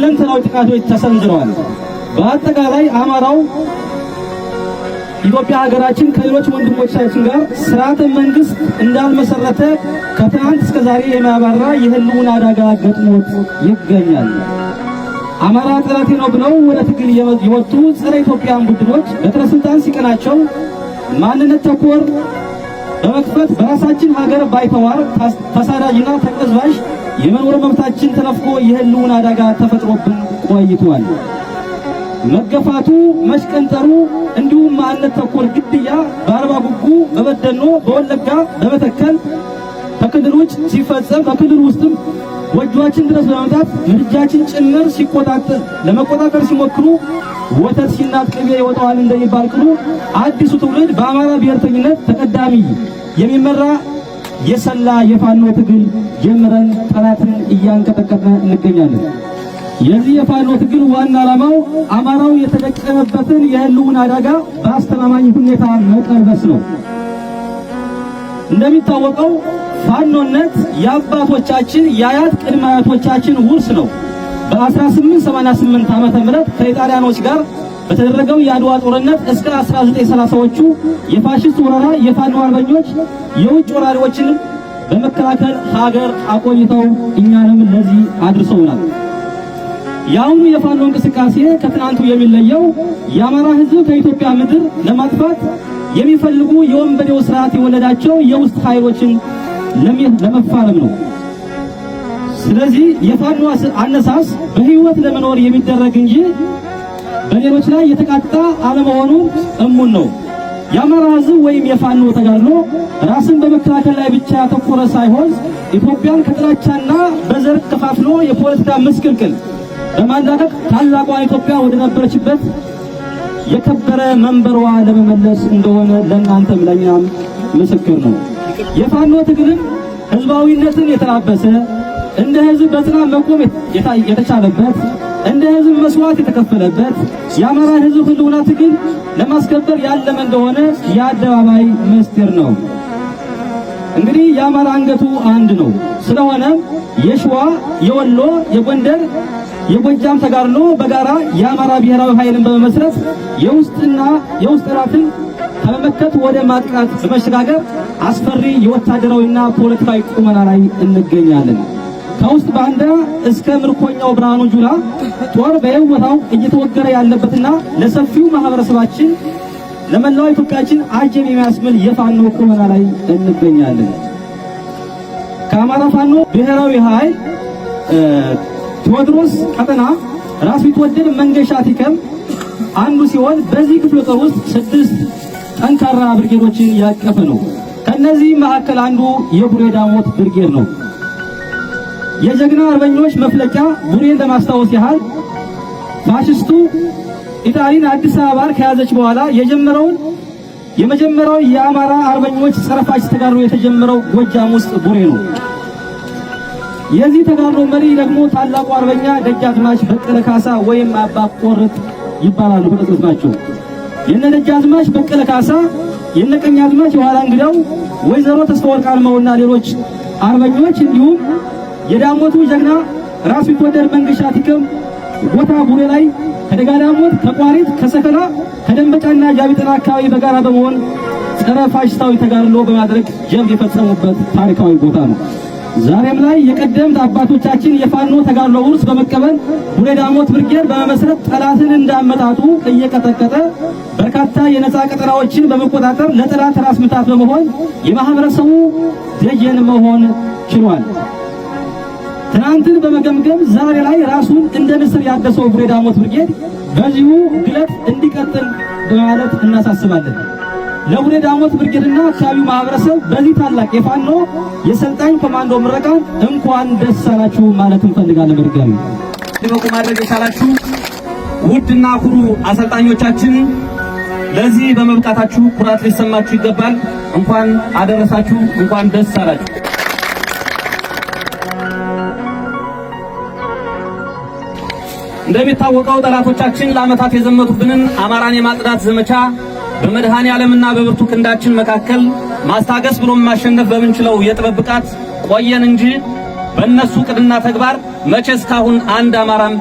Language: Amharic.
ሁለንተናዊ ጥቃቶች ተሰንዝረዋል። በአጠቃላይ አማራው ኢትዮጵያ ሀገራችን ከሌሎች ወንድሞቻችን ጋር ስርዓተ መንግስት እንዳልመሰረተ ከትናንት እስከ ዛሬ የሚያባራ የህልውን አደጋ ገጥሞት ይገኛል። አማራ ጠላቴ ነው ብለው ወደ ትግል የወጡ ጸረ ኢትዮጵያን ቡድኖች በትረ ስልጣን ሲቀናቸው ማንነት ተኮር በመክፈት በራሳችን ሀገር ባይተዋር ተሳዳጅና ተቀዝባዥ የመኖር መብታችን ተነፍቆ የህልውን አደጋ ተፈጥሮብን ቆይቷል። መገፋቱ፣ መሽቀንጠሩ እንዲሁም ማንነት ተኮር ግድያ በአርባ ጉጉ፣ በበደኖ፣ በወለጋ፣ በመተከል ከክልል ውጭ ሲፈጸም ከክልል ውስጥም ጎጆአችን ድረስ በመምጣት ምድጃችን ጭምር ሲቆጣጠር ለመቆጣጠር ሲሞክሩ ወተት ሲናት ቅቤ ይወጣዋል እንደሚባል ቅሉ አዲሱ ትውልድ በአማራ ብሔርተኝነት ተቀዳሚ የሚመራ የሰላ የፋኖ ትግል ጀምረን ጠላትን እያንቀጠቀጠ እንገኛለን። የዚህ የፋኖ ትግል ዋና ዓላማው አማራው የተደቀነበትን የህልውና አደጋ በአስተማማኝ ሁኔታ መቀልበስ ነው። እንደሚታወቀው ፋኖነት የአባቶቻችን የአያት ቅድመ አያቶቻችን ውርስ ነው። በ1888 ዓመተ ምህረት ከኢጣሊያኖች ጋር በተደረገው የአድዋ ጦርነት እስከ 1930ዎቹ የፋሽስት ወረራ የፋኖ አርበኞች የውጭ ወራሪዎችን በመከላከል ሀገር አቆይተው እኛንም ለዚህ አድርሰውናል። የአሁኑ የፋኖ እንቅስቃሴ ከትናንቱ የሚለየው የአማራ ሕዝብ ከኢትዮጵያ ምድር ለማጥፋት የሚፈልጉ የወንበዴው ስርዓት የወለዳቸው የውስጥ ኃይሎችን ለመፋለም ነው። ስለዚህ የፋኖ አነሳስ በህይወት ለመኖር የሚደረግ እንጂ በሌሎች ላይ የተቃጣ አለመሆኑ እሙን ነው። የአማራ ህዝብ ወይም የፋኖ ተጋድሎ ራስን በመከላከል ላይ ብቻ ያተኮረ ሳይሆን ኢትዮጵያን ከጥላቻና በዘር ከፋፍሎ የፖለቲካ ምስቅልቅል በማላቀቅ ታላቋ ኢትዮጵያ ወደ ነበረችበት የከበረ መንበሯ ለመመለስ እንደሆነ ለእናንተም ለእኛም ምስክር ነው። የፋኖ ትግልም ህዝባዊነትን የተላበሰ እንደ ህዝብ በጽናት መቆም የተቻለበት እንደ ህዝብ መስዋዕት የተከፈለበት የአማራ ህዝብ ህልውና ትግል ለማስከበር ያለመ እንደሆነ የአደባባይ ምስጢር ነው። እንግዲህ የአማራ አንገቱ አንድ ነው። ስለሆነ የሸዋ፣ የወሎ፣ የጎንደር፣ የጎጃም ተጋድሎ በጋራ የአማራ ብሔራዊ ኃይልን በመመስረት የውስጥና የውስጥ ጠላትን ከመመከት ወደ ማጥቃት በመሸጋገር አስፈሪ የወታደራዊና ፖለቲካዊ ቁመና ላይ እንገኛለን። ከውስጥ ባንዳ እስከ ምርኮኛው ብርሃኑ ጁላ ጦር በየቦታው እየተወገረ ያለበትና ለሰፊው ማህበረሰባችን ለመላው ኢትዮጵያችን አጀብ የሚያስብል የፋኖ ቁመና ላይ እንገኛለን። ከአማራ ፋኖ ብሔራዊ ኃይል ቴዎድሮስ ቀጠና ራስ ቢትወደድ መንገሻ ቲከም አንዱ ሲሆን በዚህ ክፍለ ጦር ውስጥ ስድስት ጠንካራ ብርጌዶችን ያቀፈ ነው። ከነዚህ መካከል አንዱ የቡሬ ዳሞት ብርጌድ ነው። የጀግና አርበኞች መፍለቂያ ቡሬን ለማስታወስ ያህል ፋሽስቱ ኢጣሊን አዲስ አበባን ከያዘች በኋላ የጀመረውን የመጀመሪያው የአማራ አርበኞች ጸረ ፋሽስት ተጋድሎ የተጀመረው ጎጃም ውስጥ ቡሬ ነው። የዚህ ተጋድሎ መሪ ደግሞ ታላቁ አርበኛ ደጃዝማች በቀለ ካሳ ወይም አባ ቆርጥ ይባላሉ በቅጽበት የነ ደጃዝማች በቀለ ካሳ የነ ቀኛዝማች የኋላ እንግዳው ወይዘሮ ተስፋወርቅ አልማውና ሌሎች አርበኞች እንዲሁም የዳሞቱ ጀግና ራሱ ይትወደድ መንገሻ ቲክም ቦታ ቡሬ ላይ ከደጋዳሞት ከቋሪት ከሰከላ ከደንበጫና ጃቢጥና አካባቢ በጋራ በመሆን ጸረ ፋሽስታዊ ተጋድሎ በማድረግ ጀብድ የፈጸሙበት ታሪካዊ ቦታ ነው። ዛሬም ላይ የቀደምት አባቶቻችን የፋኖ ተጋድሎ ውርስ በመቀበል ቡሬ ዳሞት ብርጌድ በመመስረት ጠላትን እንዳመጣጡ እየቀጠቀጠ በርካታ የነፃ ቀጠናዎችን በመቆጣጠር ለጠላት ራስ ምታት በመሆን የማህበረሰቡ ደጀን መሆን ችሏል። ትናንትን በመገምገም ዛሬ ላይ ራሱን እንደ ንስር ያደሰው ፍሬ ዳሞት ብርጌድ በዚሁ ግለት እንዲቀጥል በማለት እናሳስባለን። ለፍሬ ዳሞት ብርጌድና አካባቢው ማህበረሰብ በዚህ ታላቅ የፋኖ የሰልጣኝ ኮማንዶ ምረቃን እንኳን ደስ አላችሁ ማለት እንፈልጋለን። ብርጌድ ትበቁ ማድረግ የቻላችሁ ውድና ኩሩ አሰልጣኞቻችን ለዚህ በመብቃታችሁ ኩራት ሊሰማችሁ ይገባል። እንኳን አደረሳችሁ፣ እንኳን ደስ አላችሁ። እንደሚታወቀው ጠላቶቻችን ለዓመታት የዘመቱብንን አማራን የማጽዳት ዘመቻ በመድኃኔ ዓለምና በብርቱ ክንዳችን መካከል ማስታገስ ብሎም ማሸነፍ በምንችለው የጥበብ ብቃት ቆየን እንጂ በእነሱ ቅድና ተግባር መቼ እስካሁን አንድ አማራም